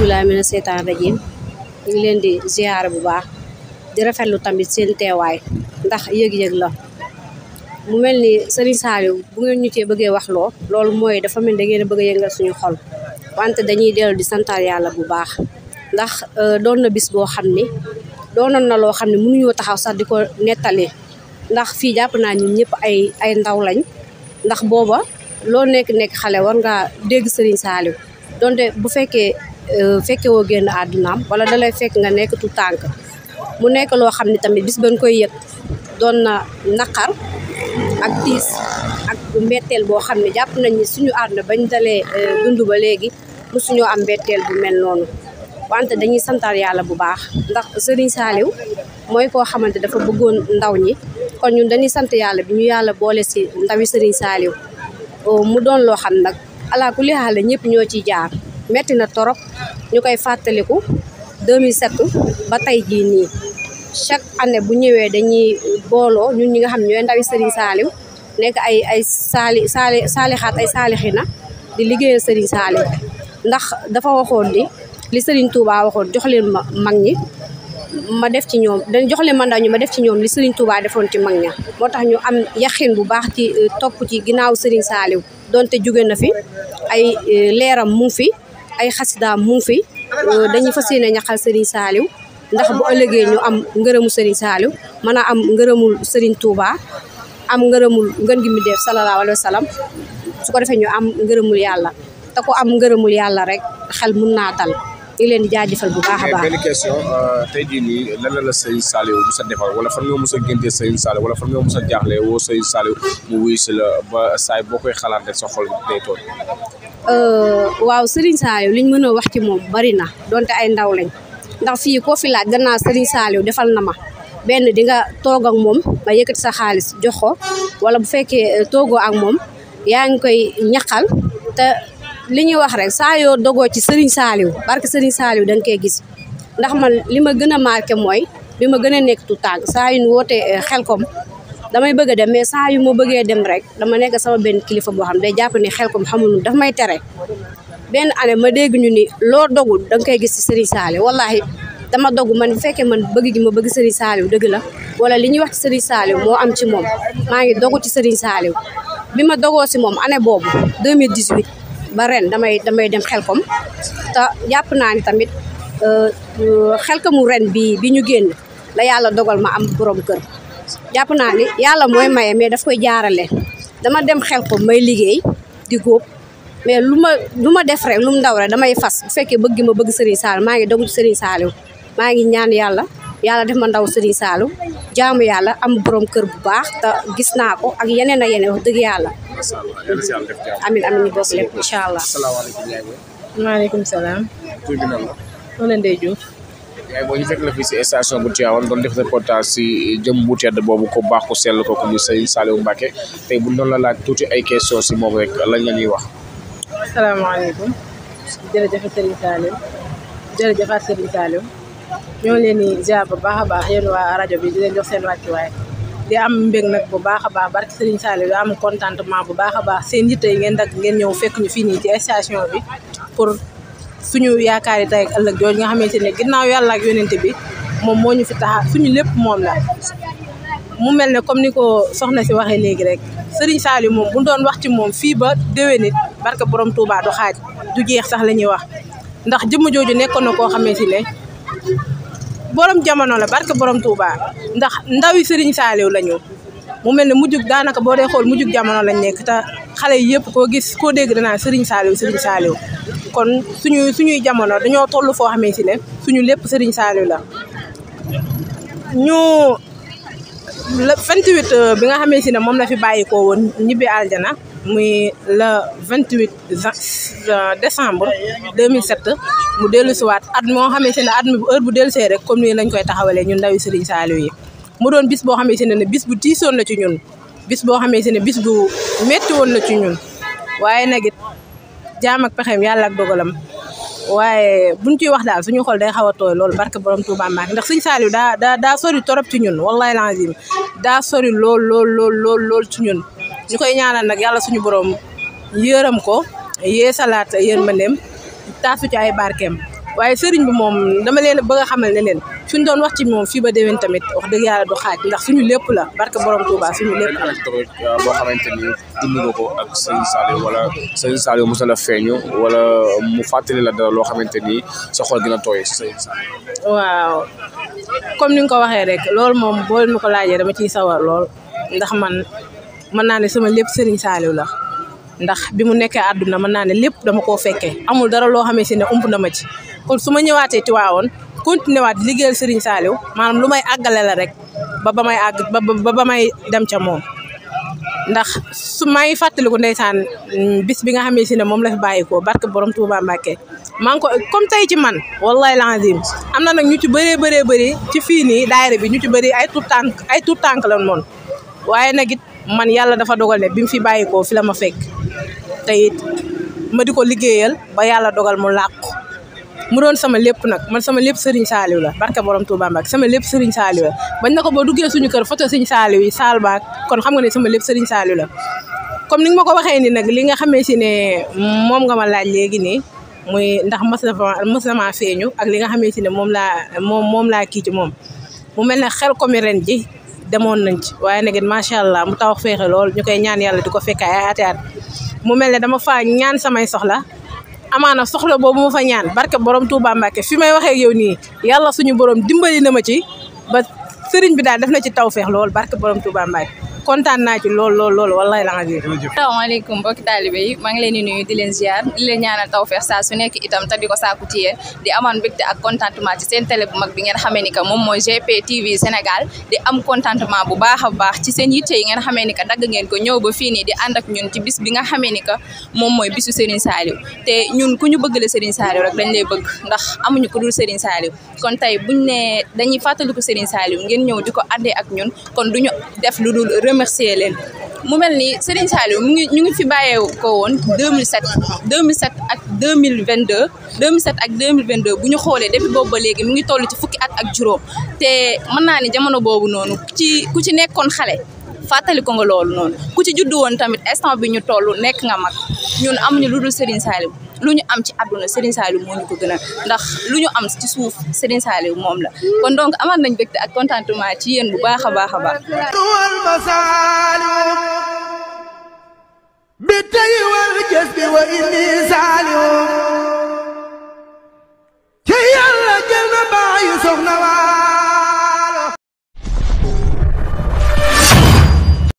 bisimilah mina seytaan rajim ñu ngi leen di ziar bu baax di rafetlu tamit seen teewaay ndax yëg-yëg la mu mel ni sëriñ Saliou bu ngeen ñu cee bëggee wax loo loolu mooy dafa mel da ngeen a bëgg a yëngal suñu xol wante dañuy dellu di santaal yàlla bu baax ndax euh, doon na bis boo xam ni doonoon na loo xam ne mënuñoo taxaw sax di ko nettali ndax fii jàpp naa ñun ñëpp ay ay ndaw lañ ndax booba loo nekk nekk xale war ngaa dégg sëriñ Saliou donte bu fekkee Euh, fekkewoo woo génn àddunaam wala da fekk nga nekkatu tànk mu nekk loo xam ne tamit bis bañ koy yëg doon na naqar ak tiis ak mbetteel boo xam ne jàpp nañ ni suñu àdduna bañ dalee euh, dund ba léegi mu am mbetteel mel noonu wante dañuy santar yàlla bu baax ndax Serigne Saliou mooy koo xamante dafa bëggoon ndaw ñi kon ñun dañuy sant yàlla bi ñu yàlla boole si ndawi Serigne saaliw oh, mu doon loo xam nag alaa kulli ñëpp ñoo ciy jaar metti na torop ñu koy fàttaliku 2007 ba tey jii nii chaque année bu ñëwee dañuy booloo ñun ñi nga xam ne ñooy ndawi Serigne Saliou nekk ay ay saali saali saalixaat ay saalixina di liggéeyal Serigne Saliou ndax dafa waxoon ni li Serigne Touba waxoon jox leen ma mag ñi ma def ci ñoom dañ jox leen mandat ñu ma def ci ñoom li Serigne Touba defoon ci mag ña moo tax ñu am yaxin bu baax ci euh, topp ci ginnaaw Serigne saaliw donte jóge na fi ay euh, leeram mu fi ay xasidaam mu ngi fi euh, dañuy fas yéene ñaxal Serigne Saliou ndax bu ëllëgee ñu am ngërëmu Serigne Saliou mën a am ngërëmul sëriñ tuuba am ngërëmul ngën gi mu def salallaahu alayhi wa salaam su ko defee ñu am ngërëmul yàlla te ku am ngërëmul yàlla rek xel mun naa dal leen di jaajëfal bu baax a baax. benn question euh, tey jii nii lan la la Serigne Saliou mos a defal wala fan nga mos a génte Serigne wala fan nga sa a jaaxle woo Serigne Saliou mu wuyu si la ba saay boo koy xalaatee sa xol day tool Euh, waaw Serigne Saliou liñ mën a wax ci moom bari na donte ay ndaw lañ ndax fii koo fi laaj gannaaw Serigne Saliou defal na ma benn di nga toog ak moom nga yëkkati sa xaalis jox ko wala bu fekkee euh, toogoo ak moom yaa ngi koy ñaqal te li ñuy wax rek saa yoo dogoo ci Serigne Saliou barke Serigne Saliou danga koy gis ndax man li ma gën a marqué mooy bi ma gën a nekk tu tànk saa yu ñu wootee euh, xelkom damay bëgg dem mais saa yu ma bëggee dem rek dama nekk sama benn kilifa boo xam day jàpp ne xel kom xamul daf tere benn année ma dégg ñu ni loo dogul da nga koy gis ci Serigne Saliou wallahi dama dogu man bu fekkee man bëgg gi ma bëgg Serigne Saliou dëgg la wala li ñuy wax ci Serigne moo am ci moom maa ngi dogu ci Serigne Saliou bi ma dogoo si moom année boobu 2018 ba ren damay damay dem xelkom te jàpp naa ni tamit euh, euh, xelkamu ren bi bi ñu génn la yàlla dogal ma am borom kër jàpp naa ni yàlla mooy maye mais daf koy jaarale dama dem xel ko may liggéey di góob mais lu ma lu ma def rek lu mu ndaw rek damay fas bu fekkee bëgg ma bëgg Serigne Saliou maa ngi dogu ci Serigne maa ngi ñaan yàlla yàlla def ma ndaw Serigne Saliou jaamu yàlla am borom kër bu baax te gis naa ko ak yeneen ak yeneen wax dëgg yàlla. amin amin ñu bokk lépp allah. salaamaaleykum. maaleykum salaam. tur bi yaay boo ñu fekk la fii si station bu Tivaouane doon def reportage si jëm bu tedd boobu ko baax ko sell ko muy Serigne Saliou Mbacké tey la laaj tuuti ay question si moom rek lañ la ñuy wax. asalaamaaleykum jërëjëf leen di ziar baax a baax yéen waa rajo bi di leen jox seen wàccuwaay di am mbég nag bu baax a baax barki Serigne Saliou di am contentement bu baax a baax seen yitte tey ngeen dagg ngeen ñëw fekk ñu fii nii ci station bi pour. suñu yaakaari tey ak ëllëg jooju nga xamante ne ginnaaw yàlla ak yonent bi moom moo ñu fi taxa suñu lépp moom la mu mel ne comme ni ko soxna si waxee léegi rek Serigne Saliou moom bu doon wax ci moom fii ba déwénit barke borom Touba du xaaj du jeex sax la ñuy wax ndax jëmm jooju nekkoon na koo xamante ne borom jamono la barke borom Touba ndax ndawi Serigne Saliou lañu mu mel ne jug daanaka boo dee xool mu mujjug jamono lañ nekk te xale yëpp koo gis koo dégg danaa Serigne Saliou Serigne Saliou kon suñu suñuy jamono dañoo toll foo xamee si ne suñu lépp Serigne Saliou la ñu le 28 euh, bi nga xamee si ne moom la fi bàyyikoo woon ñibbi aljana muy le 28 euh, décembre 2007 mu dellu siwaat at moo xamee si ne at bu heure bu dellusee rek comme nii lañ koy taxawalee ñun ndawi Serigne Saliou yi mu doon bis boo xamee si ne ne bis bu tiisoon la ci ñun bis boo xamee si ne bis bu metti la ci ñun waaye nag jaam ak pexeem yàlla ak dogalam waaye buñ ciy wax daal ñu xol day xaw a tooy loolu barke borom Touba Mbacké ndax sëñ Saliou daa daa daa sori torop ci ñun wallahi lazim daa sori lool lool lool ci ñun ñu koy ñaanal nag yàlla suñu borom yërëm ko yee salaat yërmandeem taasu ci ay barkeem waaye sëriñ bi moom dama leen ba a xamal ne leen suñ doon wax ci moom fii ba déwén tamit wax dëgg yàlla du xaaj ndax suñu lépp la barke borom Touba suñu lépp la. Euh, boo xamante ni dund nga ko ak sëriñ Saliou wala sëriñ Saliou mos la feeñu wala mu fàttali la dara loo xamante ni sa xol dina a tooy si sëriñ Saliou. waaw comme ni nga ko waxee rek lool moom boo leen laajee dama ciy sawar lool ndax man mën naa ne sama lépp sëriñ Saliou la. ndax bi mu nekkee àdduna mën naa ne lépp dama koo fekkee amul dara loo xamante ne ump na ma ci kon su ma ñëwaatee Tiwaawoon continué waat liggéeyal Serigne Saliou maanaam lu may àggale la rek ba ba may àgg ba ba may dem ca moom ndax su maa ngi fàttaliku ndeysaan mm, bis bi nga xamee si ne moom la fi bàyyikoo barke borom Touba Mbacke maa ngi ko comme tey ci man wallahi lazim am na nag ñu ci bëree bëree bëri ci fii nii daayira bi ñu ci bëri ay tout tànk tànk lan moon waaye nag it man yàlla dafa dogal bi mu fi bàyyikoo fi la ma fekk te ma di ko liggéeyal ba yàlla dogal mu làqu mu doon sama lépp nag man sama lépp Serigne Saliou la barka borom Touba Mbacke sama lépp Serigne Saliou la bañ na ko boo duggee suñu kër photo Serigne Saliou yi Sall baak kon xam nga ne sama lépp Serigne Saliou la comme ni nga ma ko waxee ni nag li nga xamee ne moom nga ma laaj léegi nii muy ndax mas na mas na maa feeñu ak li nga xamee si ne moom laa moom moom laa kii ci moom mu mel ne xel ko ren ji demoon nañ ci waaye nag it macha allah mu taw feexe lool ñu koy ñaan yàlla di ko fekkee ay at mu mel ne dama faa ñaan samay soxla amaan amaana soxla boobu ma fa ñaan barke borom Touba Mbacke fi may waxee yow nii yàlla suñu borom dimbali na ma ci ba sëriñ bi daal def na ci taw tawfeex lool barke borom Touba Mbacke kontaan naa ci lool lool lool wallahi la nga ji. asalaamaaleykum mbokki taalibe yi maa ngi leen di nuyu di leen ziar di leen ñaanal tawfeex saa su nekk itam te di ko saaku ci yéen di amaan ak contentement ci seen télé bu mag bi ni que moom mooy GP TV Sénégal di am contentement bu baax a baax ci seen yitte yi ngeen xamee ni que dagg ngeen ko ñëw ba fii nii di ànd ak ñun ci bis bi nga xamee ni que moom mooy bisu Serigne Saliou te ñun ku ñu bëgg la Serigne Saliou rek dañ lay bëgg ndax amuñu ko dul Serigne Saliou kon tey buñ ne dañuy fàttaliku Serigne Saliou ngeen ñëw di ko àndee ak ñun kon du ñu def lu dul remercier leen mu mel ni Serigne Saliou mu ngi ñu ngi fi bàyyee ko woon 2007 2007 ak 2022 2007 ak 2022 bu ñu xoolee depuis boobu ba léegi mu ngi toll ci fukki at ak juróom te mën naa ni jamono boobu noonu ci ku ci nekkoon xale fàttali ko nga loolu noonu ku ci juddu woon tamit instant bi ñu tollu nekk nga mag ñun ñu lu dul Serigne Saliou lu ñu am ci àdduna Serigne Saliou moo ñu ko gën a ndax lu ñu am ci suuf Serigne Saliou moom la kon donc amaat nañ bégte ak contentement ci yéen bu baax a baax a baax bi tey wal jës bi wa